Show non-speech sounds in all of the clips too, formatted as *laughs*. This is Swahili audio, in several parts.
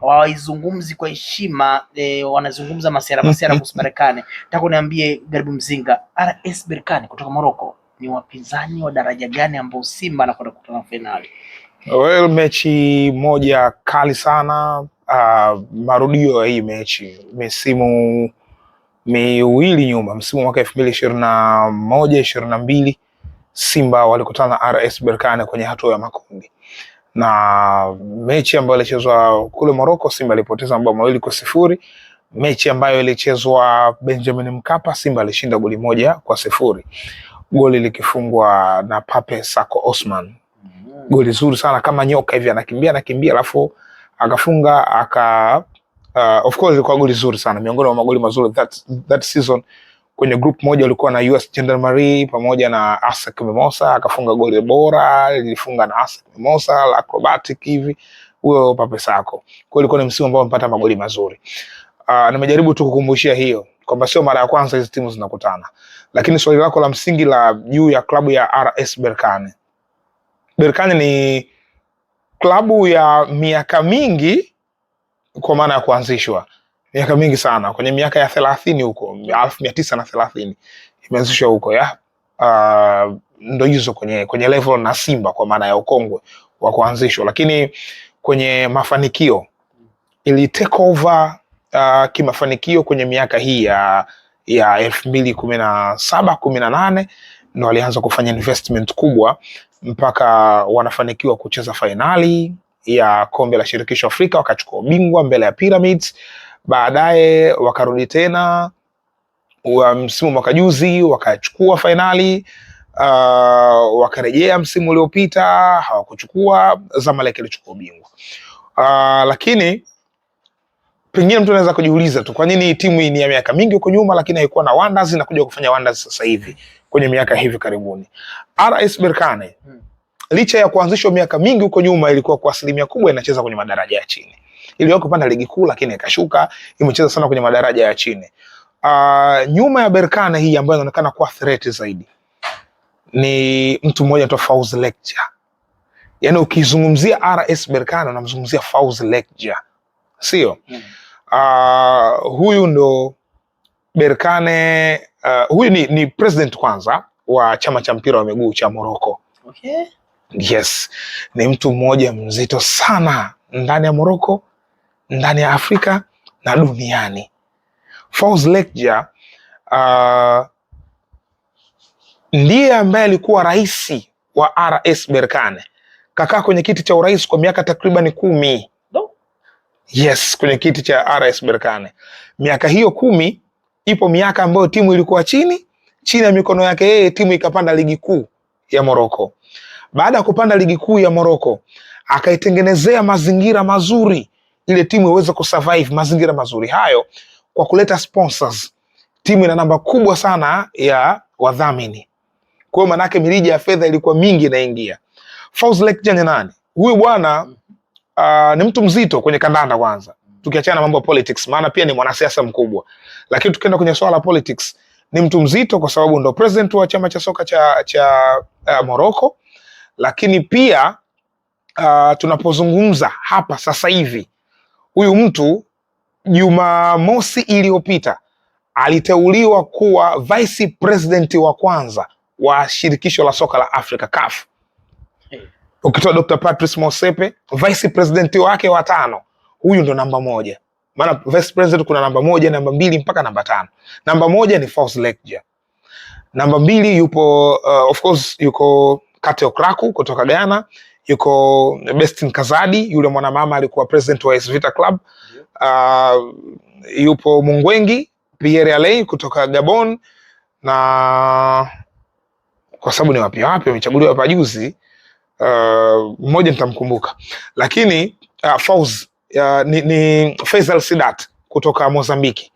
hawaizungumzi kwa heshima e, wanazungumza masera masera kuhusu Berkane. Nataka uniambie Garibu Mzinga, RS Berkane kutoka Morocco ni wapinzani wa daraja gani ambao Simba anakwenda kukutana finali? Well, mechi moja kali sana. Uh, marudio ya hii mechi misimu miwili nyuma, msimu mwaka elfu mbili ishirini na moja ishirini na mbili Simba walikutana RS Berkane kwenye hatua ya makundi na mechi ambayo ilichezwa kule Morocco, Simba alipoteza mabao mawili kwa sifuri. Mechi ambayo ilichezwa Benjamin Mkapa, Simba alishinda goli moja kwa sifuri, goli likifungwa na Pape Sako Osman, goli zuri sana kama nyoka hivi, anakimbia anakimbia, alafu akafunga aka, uh, of course ilikuwa goli zuri sana, miongoni mwa magoli mazuri that, that season kwenye group moja ulikuwa na US Gendarmerie pamoja na ASEC Mimosa, akafunga goli bora lilifunga na ASEC Mimosa la acrobatic hivi, huyo Pape Sako. Kwa ilikuwa ni msimu ambao amepata magoli mazuri. Uh, nimejaribu tu kukumbushia hiyo kwamba sio mara ya kwanza hizi timu zinakutana, lakini swali lako la msingi la juu ya klabu ya RS Berkane, Berkane ni klabu ya miaka mingi kwa maana ya kuanzishwa miaka mingi sana, kwenye miaka ya thelathini huko elfu mia tisa na thelathini imeanzishwa huko ya uh, ndo hizo kwenye, kwenye level na Simba kwa maana ya ukongwe wa kuanzishwa, lakini kwenye mafanikio ili take over uh, kimafanikio kwenye miaka hii ya ya elfu mbili kumi na saba kumi na nane ndo walianza kufanya investment kubwa mpaka wanafanikiwa kucheza fainali ya kombe la shirikisho Afrika, wakachukua ubingwa mbele ya Pyramids baadaye wakarudi tena msimu mwaka juzi wakachukua fainali uh, wakarejea msimu uliopita hawakuchukua, Zamalek ilichukua ubingwa uh, lakini pengine mtu anaweza kujiuliza tu kwa nini timu ni ya miaka mingi huko nyuma, lakini haikuwa na wonders na kuja kufanya wonders sasa hivi kwenye miaka hivi karibuni. RS Berkane hmm. licha ya kuanzishwa miaka mingi huko nyuma, ilikuwa kwa asilimia kubwa inacheza kwenye madaraja ya chini iliwahi kupanda ligi kuu lakini ikashuka, imecheza sana kwenye madaraja ya chini. Uh, nyuma ya Berkane hii ambayo inaonekana kuwa threat zaidi ni mtu mmoja anaitwa Fauzi Lekjaa. Yaani ukizungumzia RS Berkane unamzungumzia Fauzi Lekjaa, sio? mm. Uh, huyu ndo Berkane uh, huyu ni, ni president kwanza wa chama cha mpira wa miguu cha Morocco. Okay. Yes, ni mtu mmoja mzito sana ndani ya Morocco ndani ya Afrika na duniani. Falls Lecter uh, ndiye ambaye alikuwa rais wa RS Berkane, kakaa kwenye kiti cha urais kwa miaka takriban kumi. Yes, kwenye kiti cha RS Berkane miaka hiyo kumi, ipo miaka ambayo timu ilikuwa chini chini ya mikono yake yeye, timu ikapanda ligi kuu ya Moroko. Baada ya kupanda ligi kuu ya Moroko, akaitengenezea mazingira mazuri ile timu iweze kusurvive mazingira mazuri hayo kwa kuleta sponsors. Timu ina namba kubwa sana ya wadhamini, kwa hiyo manake mirija ya fedha ilikuwa mingi inaingia. Fauzi Lekjaa ni nani huyu bwana? Uh, ni mtu mzito kwenye kandanda kwanza, tukiachana na mambo ya politics, maana pia ni mwanasiasa mkubwa, lakini tukienda kwenye swala la politics ni mtu mzito kwa sababu ndo president wa chama cha soka cha, cha uh, Morocco, lakini pia uh, tunapozungumza hapa sasa hivi huyu mtu Jumamosi iliyopita aliteuliwa kuwa vice president wa kwanza wa shirikisho la soka la Afrika CAF. Ukitoa Dr. Patrice Motsepe, vice president wake watano, huyu ndo namba moja. Maana vice president kuna namba moja, namba mbili mpaka namba tano. Namba moja ni Faustin Lekjaa. Namba mbili yupo uh, of course yuko Kate Okraku kutoka Ghana yuko Bestin Kazadi, yule mwanamama alikuwa president wa AS Vita Club. Uh, yupo Mungwengi Pierre Alei kutoka Gabon, na kwa sababu ni wapi wapi wamechaguliwa hapa juzi, uh, mmoja uh, nitamkumbuka, lakini uh, Fauz uh, ni, ni Faisal Sidat kutoka Mozambiki.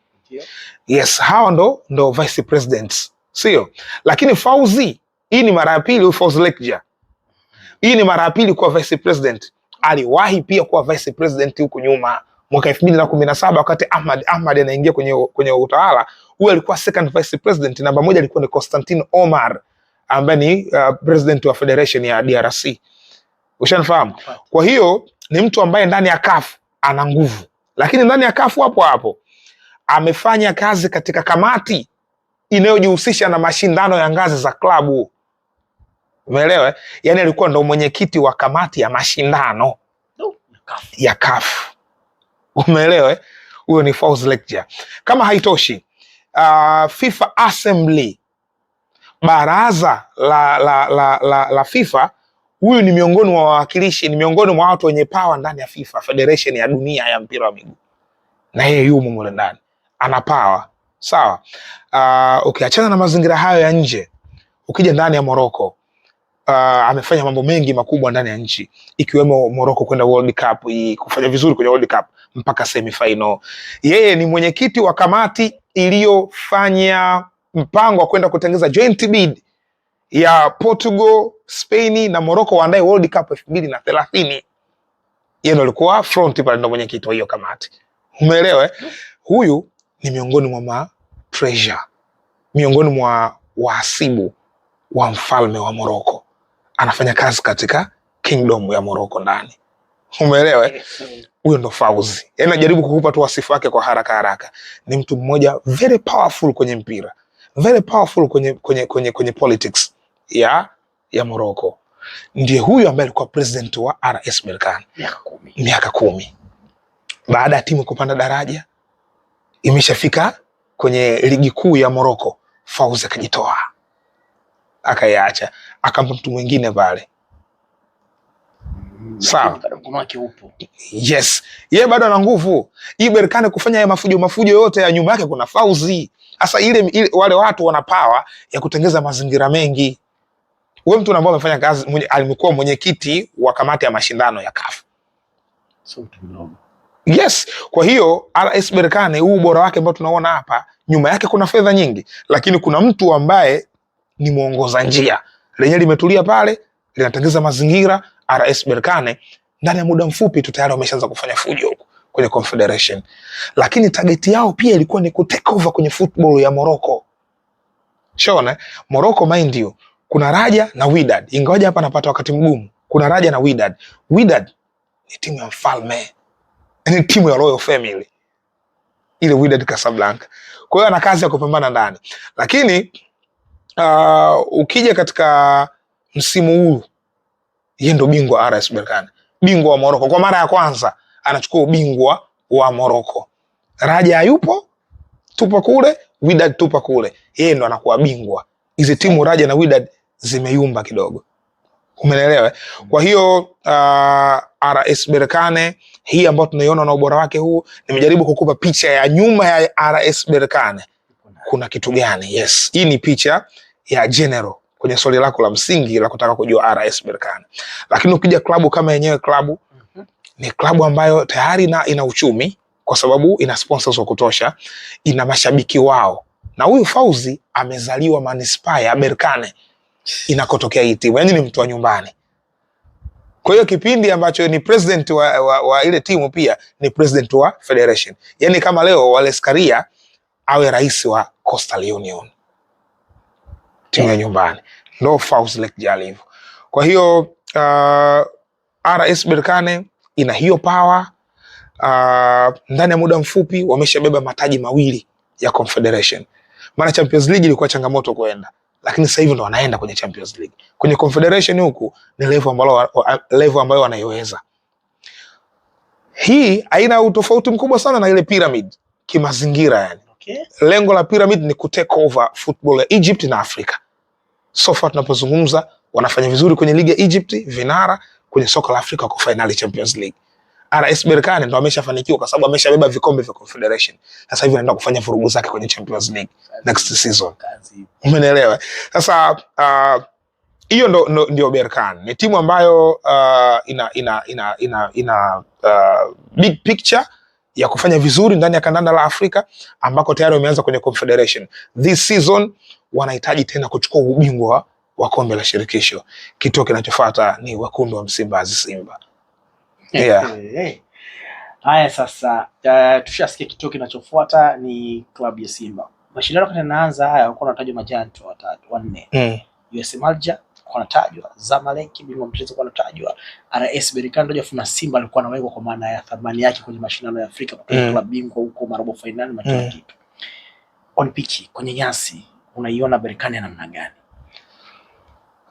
Yes, hawa ndo ndo vice presidents, sio? Lakini Fauzi, hii ni mara ya pili huyu Fauzi Lekjaa hii ni mara ya pili kuwa vice president. Aliwahi pia kuwa vice president huko nyuma mwaka elfu mbili na kumi na saba wakati Ahmad Ahmad anaingia kwenye, kwenye utawala. Huyu alikuwa second vice president, namba moja alikuwa ni Constantine Omar ambaye ni uh, president wa federation ya DRC. Ushanifahamu? Kwa hiyo ni mtu ambaye ndani ya CAF ana nguvu, lakini ndani ya CAF hapo hapo amefanya kazi katika kamati inayojihusisha na mashindano ya ngazi za klabu umeelewa? Eh? Yani alikuwa ndo mwenyekiti wa kamati ya mashindano ya CAF umeelewa? Eh? Huyo ni false lecture. Kama haitoshi uh, FIFA Assembly, baraza la, la, la, la, la FIFA huyu ni miongoni mwa wawakilishi, ni miongoni mwa watu wenye pawa ndani ya FIFA, federation ya dunia ya mpira wa miguu, na yeye yumo mule ndani, ana pawa sawa. Uh, ukiachana na mazingira hayo ya nje, ukija ndani ya Morocco uh, amefanya mambo mengi makubwa ndani ya nchi ikiwemo Morocco kwenda World Cup, kufanya vizuri kwenye World Cup mpaka semifinal. Yeye ni mwenyekiti wa kamati iliyofanya mpango wa kwenda kutengeza joint bid ya Portugal, Spain na Morocco waandae World Cup 2030. mbili na thelathini. Yeye ndo alikuwa front pale, ndo mwenyekiti wa hiyo kamati, umeelewa? Eh? Huyu ni miongoni mwa ma treasure, miongoni mwa wahasibu wa mfalme wa Morocco anafanya kazi katika kingdom ya Morocco ndani, umeelewa? Huyo ndo Fauzi. yani najaribu kukupa tu wasifu wake kwa haraka haraka. Ni mtu mmoja very powerful kwenye mpira, very powerful kwenye, kwenye, kwenye, kwenye politics ya, ya Morocco. Ndiye huyu ambaye alikuwa president wa RS Berkane miaka kumi, baada ya timu kupanda daraja imeshafika kwenye ligi kuu ya Morocco, Fauzi akajitoa akayaacha akampa mtu mwingine pale. Mm, Sawa, yes, yeye bado ana nguvu. Hii Berkane kufanya ya mafujo mafujo yote ya nyuma yake kuna Fauzi. Sasa ile, ile wale watu wana pawa ya kutengeza mazingira mengi. Wewe mtu ambaye amefanya kazi mwenye, alikuwa mwenyekiti wa kamati ya mashindano ya CAF. Yes, kwa hiyo RS Berkane huu ubora wake ambao tunaona hapa, nyuma yake kuna fedha nyingi, lakini kuna mtu ambaye ni mwongoza njia lenyewe limetulia pale, linatengeza mazingira. RS Berkane ndani ya muda mfupi tu tayari wameshaanza kufanya fujo huko kwenye Confederation, lakini tageti yao pia ilikuwa ni kutake over kwenye football ya Morocco. Shona Morocco, mind you, kuna Raja na Wydad, ingawaje hapa napata wakati mgumu. Kuna Raja na Wydad. Wydad ni timu ya mfalme, ni timu ya royal family ile Wydad Casablanca. Kwa hiyo ana kazi ya kupambana ndani, lakini uh, ukija katika msimu huu yeye ndo bingwa RS Berkane, bingwa wa Moroko kwa mara ya kwanza anachukua ubingwa wa Moroko. Raja hayupo, tupa kule Wydad, tupa kule, yeye ndo anakuwa bingwa. Hizi timu Raja na Wydad zimeyumba kidogo, umeelewa? Eh? Kwa hiyo uh, RS Berkane hii ambayo tunaiona na ubora wake huu, nimejaribu kukupa picha ya nyuma ya RS Berkane kuna kitu gani? Yes, hii ni picha ya general kwenye swali lako la msingi la kutaka kujua RS Berkane. Lakini ukija klabu kama yenyewe klabu mm -hmm. ni klabu ambayo tayari na ina uchumi kwa sababu ina sponsors wa kutosha, ina mashabiki wao, na huyu Fauzi amezaliwa manispaa ya Berkane inakotokea hii timu, yani ni mtu wa nyumbani. Kwa hiyo kipindi ambacho ni president wa, wa, wa ile timu pia ni president wa federation, yaani kama leo Wallace Karia awe rais wa Coastal Union, timu ya nyumbani ndo Fouls Lake Jalivu. Kwa hiyo uh, RS Berkane ina hiyo power uh, ndani ya muda mfupi wameshabeba mataji mawili ya Confederation. Maana Champions League ilikuwa changamoto kuenda, lakini sasa hivi ndo wanaenda kwenye Champions League. Kwenye Confederation huku ni level ambayo level ambayo wanaiweza. Hii haina utofauti mkubwa sana na ile pyramid kimazingira yani. Okay. Lengo la Pyramid ni ku take over football ya Egypt na Afrika. So far tunapozungumza wanafanya vizuri kwenye ligi ya Egypt, vinara kwenye soka la Afrika kwa finali Champions League. RS Berkane ndo ameshafanikiwa kwa sababu ameshabeba vikombe vya Confederation. Sasa hivi anaenda kufanya vurugu zake kwenye Champions League next season. Umeelewa? Sasa ah, hiyo uh, ndo, ndo, ndio Berkane. Ni timu ambayo uh, ina ina ina ina, ina uh, big picture ya kufanya vizuri ndani ya kandanda la Afrika ambako tayari wameanza kwenye Confederation. This season wanahitaji tena kuchukua ubingwa wa kombe la shirikisho. Kituo kinachofuata ni wekundu wa Msimbazi, Simba. Yeah. Haya sasa, uh, tushasikia kituo kinachofuata ni klabu ya Simba. Mashindano yanaanza haya, walikuwa wanatajwa majani watatu wanne. Mm. USM Alger alikuwa anatajwa, Zamalek bingwa mtetezi alikuwa anatajwa, RS Berkane ndio afuna Simba alikuwa anawekwa kwa maana ya thamani yake kwenye mashindano ya Afrika kutoka mm. klabu bingwa huko marobo finali mm. kitu. On pitch kwenye nyasi unaiona Berkane namna gani?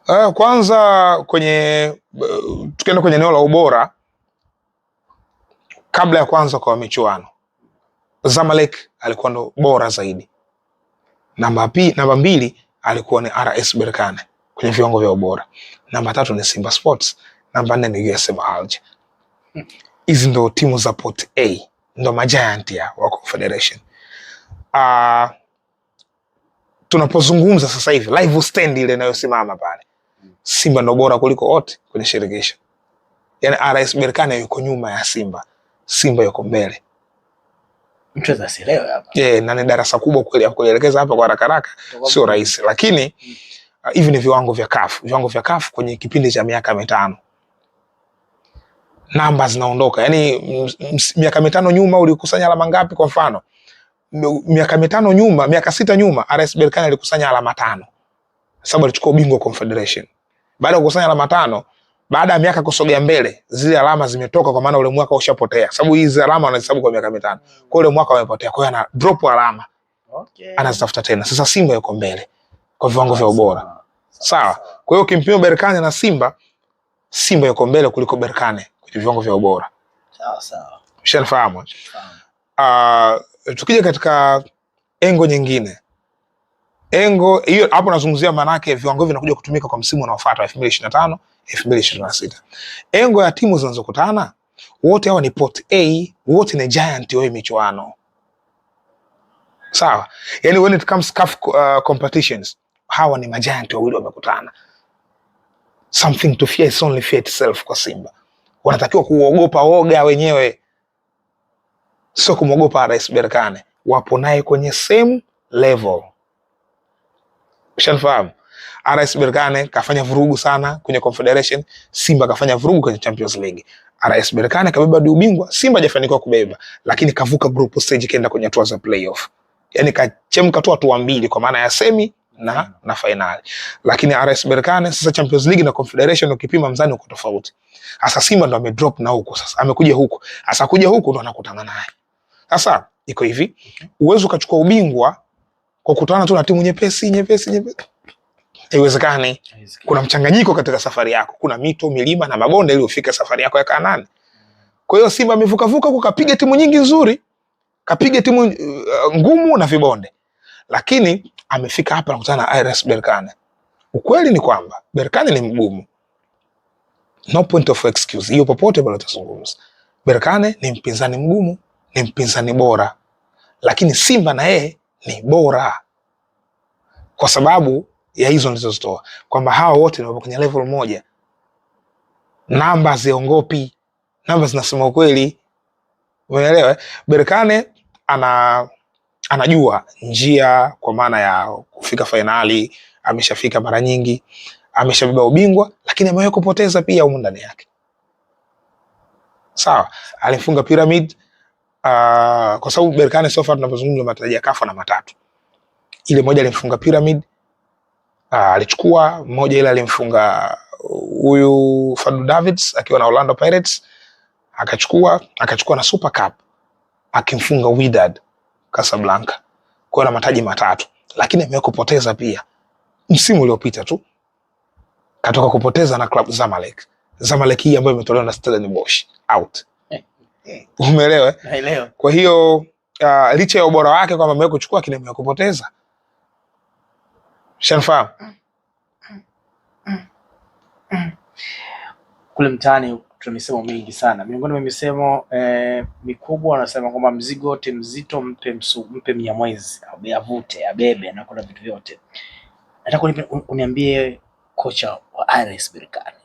Uh, kwanza kwenye uh, tukienda kwenye eneo la ubora kabla ya kwanza kwa michuano Zamalek alikuwa ndo bora zaidi. Namba mbili alikuwa ni RS Berkane kwenye viwango vya ubora. Namba tatu ni Simba Sports, namba nne ni USM Alger. Hizi ndo timu za pot A, ndo majiant ya wa Confederation. Uh, tunapozungumza sasa hivi live stand ile inayosimama pale, Simba ndo bora kuliko wote kwenye shirikisho. Yani RS Berkane yuko nyuma ya Simba, Simba yuko mbele eh, na ni darasa kubwa kulielekeza hapa kwa haraka haraka sio rahisi, lakini mm. Uh, hivi uh, ni viwango vya CAF, viwango vya CAF kwenye kipindi cha miaka mitano namba zinaondoka. Yani miaka mitano nyuma ulikusanya alama ngapi? Kwa mfano miaka mitano nyuma, miaka sita nyuma, RS Berkane alikusanya alama tano sababu alichukua ubingwa wa Confederation. Baada ya kukusanya alama tano, baada ya miaka kusogea mbele, zile alama zimetoka, kwa maana ule mwaka ushapotea, sababu hizi alama wanahesabu kwa miaka mitano. Kwa ule mwaka wamepotea, kwa hiyo ana drop alama, okay, anazitafuta tena. Sasa Simba yuko mbele kwa viwango vya ubora sawa. Kwa hiyo ukimpima Berkane na Simba, Simba yuko mbele kuliko Berkane kwenye viwango vya ubora sawa sawa, ushanifahamu. Uh, tukija katika engo nyingine engo hiyo hapo nazungumzia, maanake viwango hivi vinakuja kutumika kwa msimu unaofuata 2025 2026. Engo ya timu zinazokutana wote hawa ni pot A, wote ni giant wa michuano sawa. Yani when it comes CAF uh, competitions hawa ni majanti wawili wamekutana. Something to fear is only fear itself kwa Simba. Wanatakiwa kuogopa woga wenyewe, sio kumwogopa Rais Berkane. Wapo naye kwenye same level. Ushanifahamu? Ah, RS Berkane kafanya vurugu sana kwenye Confederation, Simba kafanya vurugu kwenye Champions League. Ah, RS Berkane kabeba ubingwa, Simba hajafanikiwa kubeba, lakini kavuka group stage kaenda kwenye hatua za playoff. yani kachemka tu hatua mbili kwa maana ya semi na na finali. Lakini RS Berkane sasa Champions League na Confederation ukipima mzani uko tofauti. Sasa Simba ndo amedrop na huko sasa. Amekuja huko. Sasa kuja huko ndo anakutana naye. Sasa iko hivi, uwezo kachukua ubingwa kwa kutana tu na timu nyepesi nyepesi nyepesi. Haiwezekani. Kuna mchanganyiko katika safari yako. Kuna mito, milima na mabonde ili ufike safari yako ya Kanani. Kwa hiyo Simba amevuka vuka kukapiga timu nyingi nzuri, kapiga timu uh, ngumu na vibonde lakini amefika hapa nakutana na Iras Berkane. Ukweli ni kwamba Berkane ni mgumu, no point of excuse hiyo, popote pale utazungumza Berkane ni mpinzani mgumu, ni mpinzani bora, lakini Simba na yeye ni bora kwa sababu ya hizo nilizozitoa, kwamba hawa wote ni kwenye level moja. Namba ziongopi, namba zinasema ukweli, umeelewa? Eh? Berkane ana anajua njia kwa maana ya kufika fainali, ameshafika mara nyingi, ameshabeba ubingwa, lakini amewahi kupoteza pia humu ndani yake. Sawa, alifunga Pyramid uh, kwa sababu Berkane sofa tunapozungumza mataji ya kafa na matatu, ile moja alimfunga Pyramid uh, alichukua moja, ile alimfunga huyu Fadlu Davids akiwa na Orlando Pirates, akachukua akachukua na Super Cup akimfunga Wydad Casablanca kwa na mataji matatu, lakini amewahi kupoteza pia. Msimu uliopita tu katoka kupoteza na klabu Zamalek. Zamalek hii ambayo imetolewa na Stellenbosch out, hmm. umeelewa? Eh? Kwa hiyo uh, licha ya ubora wake kwamba amewahi kuchukua, lakini amewahi kupoteza. Shanfahamu kule mtaani tuna misemo mingi sana. Miongoni mwa misemo eh, mikubwa wanasema kwamba mzigo wote mzito mpe msu, mpe Mnyamwezi avute abebe na kuna vitu vyote. Nataka uniambie kocha wa RS Berkane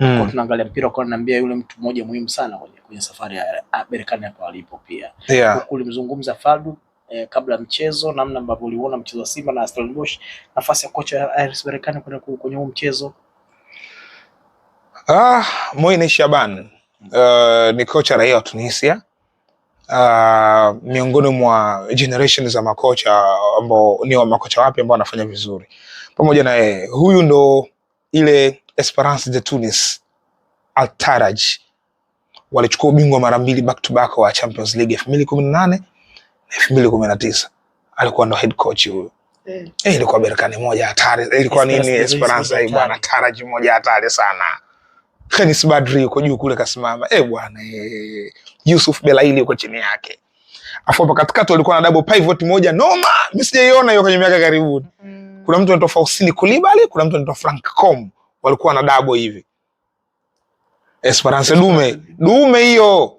mm. Kwa Tunaangalia mpira kwa naambia yule mtu mmoja muhimu sana kwenye, kwenye safari ya ah, Berkane hapo alipo pia yeah. Kulimzungumza Fadu eh, kabla mchezo, namna ambavyo uliona mchezo wa Simba na Stellenbosch, nafasi ya kocha wa RS Berkane kwenye huu mchezo Ah, Mwini Shaban uh, ni kocha raia wa Tunisia uh, miongoni mwa generation za makocha ambao ni wa makocha wapi ambao wanafanya vizuri pamoja na yeye. Huyu ndo ile Esperance de Tunis Altaraj walichukua ubingwa mara mbili back to back wa Champions League 2018 na 2019. Alikuwa ndo head coach huyo. Eh. eh, ilikuwa Berkane moja hatari. Ilikuwa nini Esperance hii eh, bwana, Taraj moja hatari sana. Khamis *laughs* Badri yuko juu kule kasimama, eh bwana eh. Yusuf Belaili yuko chini yake, afu hapa katikati walikuwa na double pivot moja noma, mimi sijaiona hiyo kwenye miaka karibuni. Kuna mtu anaitwa Faustini Kulibali, kuna mtu anaitwa Frank Com, walikuwa na double hivi. Esperance dume dume hiyo,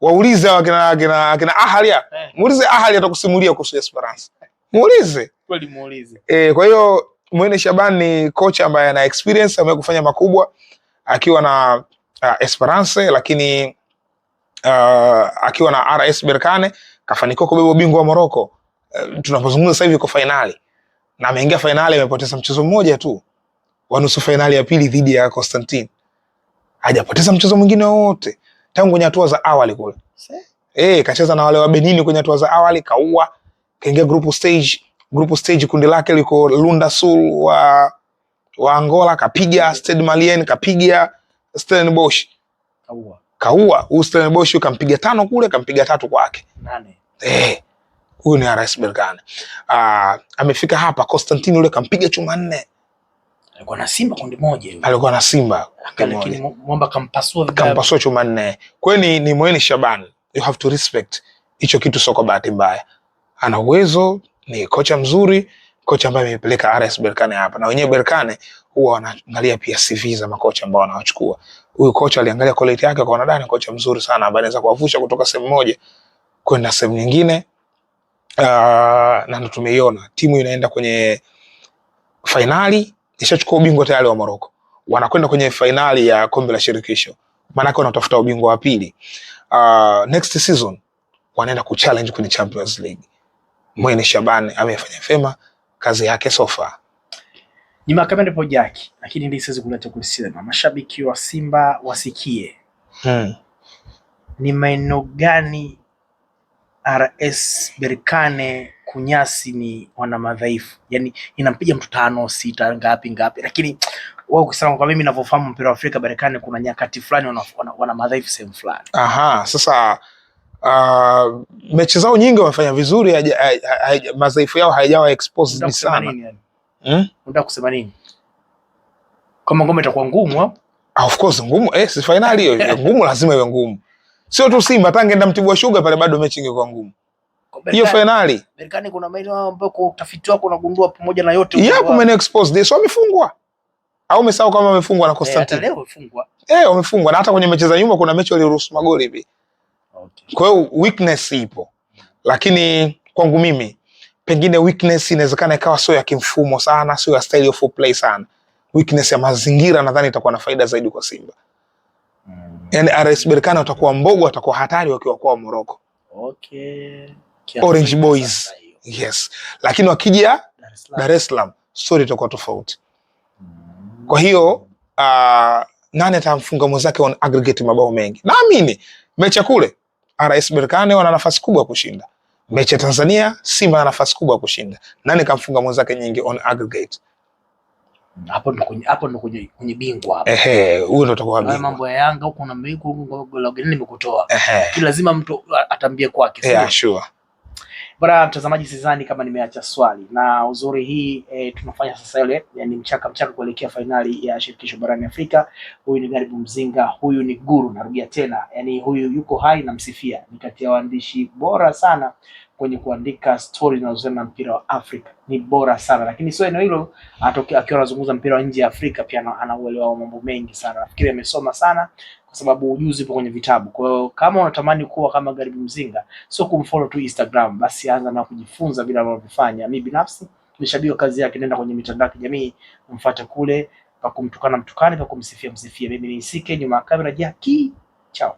waulize wakina akina akina Ahalia, eh. muulize Ahalia atakusimulia kuhusu Esperance, muulize kweli, muulize eh. Kwa hiyo Mwene Shaban ni kocha ambaye ana experience, ambaye makubwa akiwa na uh, Esperance lakini uh, akiwa na RS Berkane kafanikiwa kubeba ubingwa wa Morocco. Uh, tunapozungumza sasa hivi kwa fainali na ameingia fainali, amepoteza mchezo mmoja tu wa nusu fainali ya pili dhidi ya Constantine, hajapoteza mchezo mwingine wote tangu kwenye hatua za awali kule. Eh, kacheza na wale wa Benini kwenye hatua za awali kaua, kaingia group stage. Group stage kundi lake liko Lunda Sul wa wa Angola kapiga mm. Stade Malien, kapiga Stellenbosch, kaua kaua. Huyu Stellenbosch kampiga tano kule, kampiga tatu kwake nane. Eh, huyu ni RS Berkane. Ah, amefika hapa Constantine yule kampiga chuma nne. Alikuwa na Simba kundi moja yule. Alikuwa na Simba. Lakini mwamba kampasua vibaya. Kampasua chuma nne. Kwa ni ni Moeni Shaban. You have to respect hicho kitu, soko bahati mbaya. Ana uwezo, ni kocha mzuri kocha ambaye amepeleka RS Berkane hapa, na wenyewe Berkane huwa wanaangalia pia CV za makocha ambao wanawachukua. Huyu kocha aliangalia quality yake, kwa nadani, kocha mzuri sana ambaye anaweza kuwavusha kutoka sehemu moja kwenda sehemu nyingine. Uh, na tumeiona timu inaenda kwenye fainali, ishachukua ubingwa tayari wa Morocco, wanakwenda kwenye fainali ya kombe la shirikisho, maanake wanatafuta ubingwa wa pili. Uh, next season wanaenda kuchallenge kwenye Champions League. Mwene Shabani amefanya vyema kazi yake sofa ni makamera po jaki, lakini ndi siwezi kuleta kusema. Mashabiki wa Simba wasikie hmm. Ni maeneo gani RS Berkane kunyasi ni wana madhaifu, yani inampiga mtu tano sita ngapi ngapi, lakini wao kusema kwa mimi ninavyofahamu mpira wa Afrika Berkane kuna nyakati fulani wana, wana, wana madhaifu sehemu fulani. Aha, sasa uh, mechi zao nyingi wamefanya vizuri, madhaifu yao hayajawa expose ni sana. Hmm? Unataka kusema nini? Kama ngoma itakuwa ngumu, ah, of course ngumu, eh, si finali hiyo *laughs* ngumu, lazima iwe ngumu. Sio tu Simba, tangeenda Mtibwa Sugar pale bado mechi ingekuwa ngumu hiyo fainali. Marekani kuna maeneo ambayo kwa utafiti wako unagundua pamoja na yote yeah, kumene expose this, wamefungwa au umesahau kama wamefungwa na eh, Constantine? leo wamefungwa, Eh, wamefungwa na hata kwenye mechi za nyuma kuna mechi waliruhusu magoli hivi. Kwa hiyo weakness ipo, lakini kwangu mimi pengine weakness inawezekana ikawa sio ya kimfumo sana, sio ya style of play sana. Weakness ya mazingira nadhani itakuwa na faida zaidi kwa Simba. Mm. Yani RS Berkane watakuwa mbogo, watakuwa hatari wakiwa kwa Morocco. Okay. Orange Boys. Yes. Lakini wakija Dar es Salaam story itakuwa tofauti. Mm. Kwa hiyo uh, nani atamfunga mwenzake on aggregate mabao mengi? Naamini mecha kule RS Berkane wana nafasi kubwa ya kushinda mechi ya Tanzania. Simba ana nafasi kubwa ya kushinda. Nani kamfunga mwenzake nyingi on aggregate? Hapo ndo kwenye hapo ndo kwenye kwenye bingwa hapo. Ehe, huyo ndo atakuwa bingwa. Mambo ya Yanga huko na mbiko huko, nimekutoa. Ehe. Lazima mtu atambie kwake. Yeah, sure. Bwana mtazamaji, sizani kama nimeacha swali, na uzuri hii e, tunafanya sasa ile yani mchaka mchaka kuelekea fainali ya shirikisho barani Afrika. Huyu ni Garibu Mzinga, huyu ni guru, narudia tena, yani huyu yuko hai, namsifia, ni kati ya waandishi bora sana kwenye kuandika stori zinazohusiana na mpira wa Afrika ni bora sana, lakini sio eneo hilo. Akiwa anazungumza mpira wa nje ya Afrika pia anauelewa mambo mengi sana. Nafikiri amesoma sana, kwa sababu ujuzi upo kwenye vitabu. Kwa hiyo kama unatamani kuwa kama Gharibu Mzinga, sio kumfollow tu Instagram, basi anza na kujifunza vile anavyofanya. Mimi binafsi nishabiwa kazi yake, nenda kwenye mitandao ya kijamii mfuate kule, pa kumtukana mtukane, pa kumsifia msifie. Mimi ni CK nyuma ya kamera Jackie, chao.